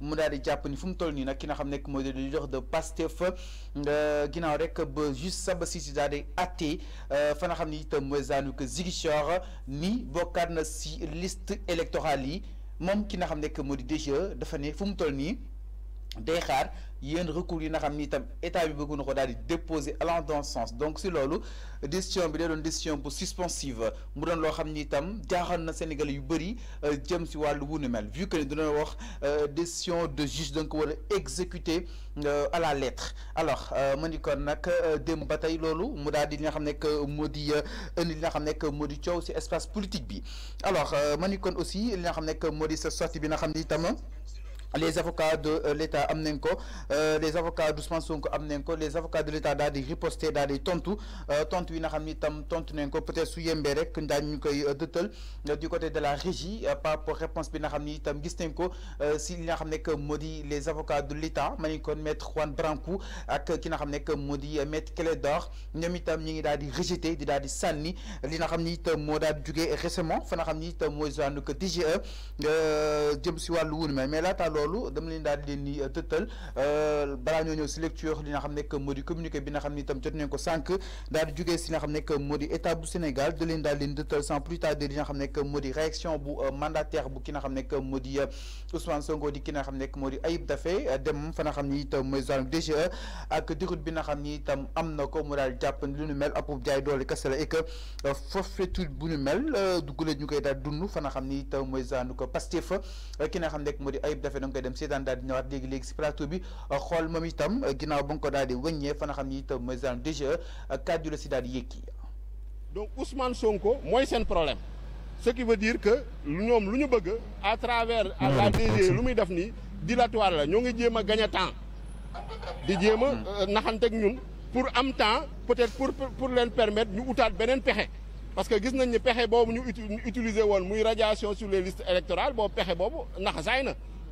mu daal di jàpp ni fu mu toll nii nag ki na xam nekk mooy le leader de Pastef euh, ginnaaw rek ba juste saba si si daal di euh, fana xam ni itam mooy zaanu que Ziguinchor ni bokkaat na si list électorale yi moom ki na xam nekk moo di DGE dafa ne fu mu toll nii day il y recours yi recours qui est état dans ce sens donc c'est décision décision suspensive mu doon Sénégalais euh, vu que euh, décision de juge donc exécuter euh, à la lettre alors manikonak ni a ba nous espace politique bi alors manikon aussi li nga que qui sa sortie bi nga euh, euh, les avocats de l'État Amnenko, les avocats d'Ousmane Sonko Amnenko, les avocats de l'État d'Adi di riposté d'Adi di tontu euh, tontu yi tam tontu Nenko peut-être su yembee rek du côté de la régie par rapport réponse bi nga xam ni itam ko si que modi les avocats de l'État Manikon met maître Juan Branco ak ki nga xam que modi maître Clédor ñoom Tam ñi ngi daal di rejeté di daal di li récemment fa nga xam que DGE jëm si mais mais laata loolu dama leen daal di leen di tëttal balaa ñoo ñëw si lecture li nga xam nekk moo communiqué bi nga xam nekk moo état bu Sénégal da daal leen tëttal sans plus tarder li nga xam nekk moo di bu mandataire bu ki nga xam nekk moo Ayib Daffé dem fa xam ni itam mooy zone DGE ak dirut xam ni itam am na ko mu koy dem seetaan daal di ñëwaat léegi léegi si plateau bi xool moom itam ginnaaw ba nga ko daal di wëññee fa nga xam ni itam mooy genre déjà cadre la si daal di yëkki donc Ousmane Sonko mooy seen problème ce qui veut dire que ñoom lu ñu bëgg à travers à la DG lu muy def nii dilatoire la ñoo ngi jéem a gagné temps di jéem a hmm. euh, naxanteeg ñun pour am temps peut-être pour pour leen permettre ñu utaat beneen pexe parce que gis nañ ni pexe boobu ñu utiliser woon muy radiation sur les listes électorales boobu pexe boobu naxasaay na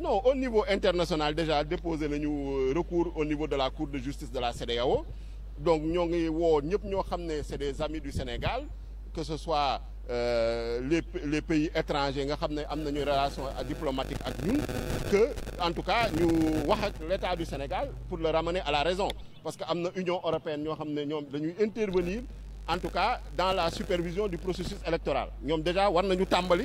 Non, au niveau international, déjà déposé le euh, recours au niveau de la Cour de justice de la CDAO. Donc, nous avons des amis du Sénégal, que ce soit euh, les, pays étrangers, nous avons une relation diplomatique avec nous, que, en tout cas, nous avons l'État du Sénégal pour le ramener à la raison. Parce que l'Union européenne, nous avons intervenir, en tout cas, dans la supervision du processus électoral. Nous avons déjà, nous avons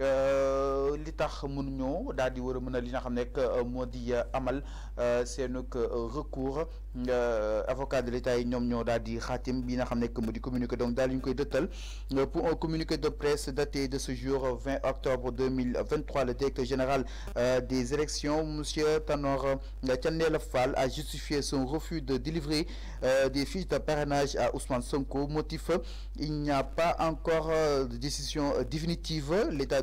Euh, L'État tax ñoo daal di war mëna li nga amal recours avocat de l'État yi ñoom ñoo daal di xaatim bi nga donc daal ñu koy euh, pour un communiqué de presse daté de ce jour 20 euh, octobre 2023 le directeur général des élections monsieur Tanor Thiendella Fall a justifié son refus de délivrer des fiches de parrainage à Ousmane Sonko motif il n'y a pas encore de décision définitive l'État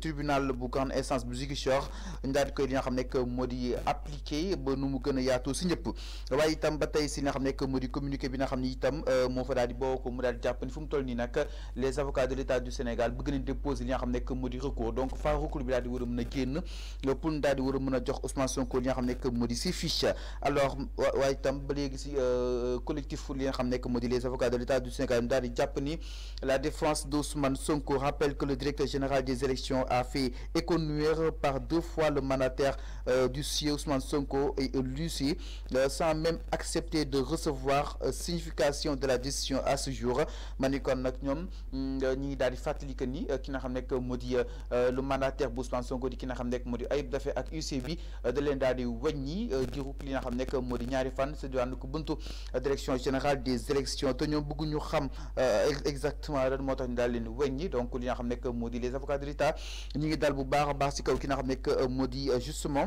tribunal bu essence instance bu Ziguinchor ñu daal nga appliqué ba nu mu gën a si ñëpp waaye itam ba si nga xam nekk moo di communiqué bi nga xam ne itam euh, moo fa daal di mu ni fu mu toll les avocats de l'État du Sénégal bëgg nañ déposer li nga recours donc faa recours bi daal di war a mën a génn di jox Ousmane Sonko nga xam nekk alors waaye itam ba léegi si euh, collectif li nga xam nekk les avocats de l'État du Sénégal dal daal di ni la défense d'Ousmane Sonko rappelle que le directeur général des élections a fait éconnuire par deux fois le mandataire euh, du CIE Ousmane Sonko et Lucie, euh, sans même accepter de recevoir euh, signification de la décision à ce jour Manikon ni mm, ñi ni ki le mandataire Ousmane Sonko di ki nga xam modi Ayib ak UC bi de leen daal di wàññi diirub li nga xam fan direction générale des élections te ñoom exactement tax donc li n'a les avocats de l'État ñu ngi dal bu baax baax ci kaw ki nga xam ne euh, moo di euh, justement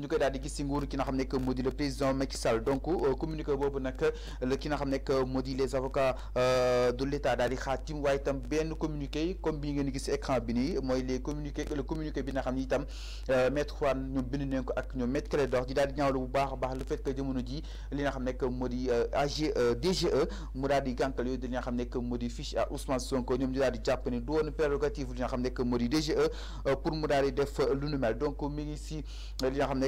ñu koy daal di gis si nguur ki nga xam nekk moo di le président Macky Sall donc euh, communiqué boobu nag le euh, ki nga xam nekk euh, moo di les avocats de l'état daal di xaatim waaye itam benn communiqué comme bii ngeen di gis écran bi nii mooy les communiqué le communiqué bi nga xam ni itam maître Wane ñu bind nañ ko ak ñoom maître Clédor di daal di ñaawlu bu baax a baax le fait que jamono ji li nga xam nekk moo di AG DGE mu daal di gànkal yooyu di li nga xam nekk moo di fiche à Ousmane Sonko ñoom ñu daal di jàpp ne du woon prérogative li nga xam nekk moo di DGE pour mu daal di def lu nu mel donc mi ngi si li nga xam ne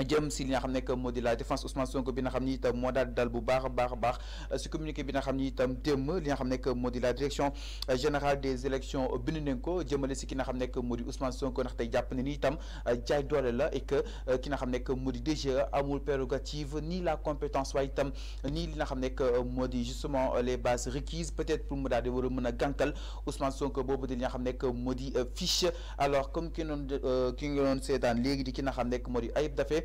jëm si li nga xam que modi la défense Ousmane Sonko bi nga xam ni itam moo daal dal bu baax baax baax ci communiqué bi nga xam ni itam démb li nga xam que modi la direction générale des élections bind nañ ko jëmale si ki nga xam que modi Ousmane Sonko ndax tey jàpp ni itam jaay doole la et que euh, ki nga xam que modi DG amul prérogative ni la compétence way itam ni li nga xam que euh, modi justement euh, les bases requises peut-être pour mu dal di war mëna gankal Ousmane Sonko bobu di li nga xam que modi fiche alors comme ki noonu ki nga doon seetaan léegi di ki nga xam que modi Ayib Daffé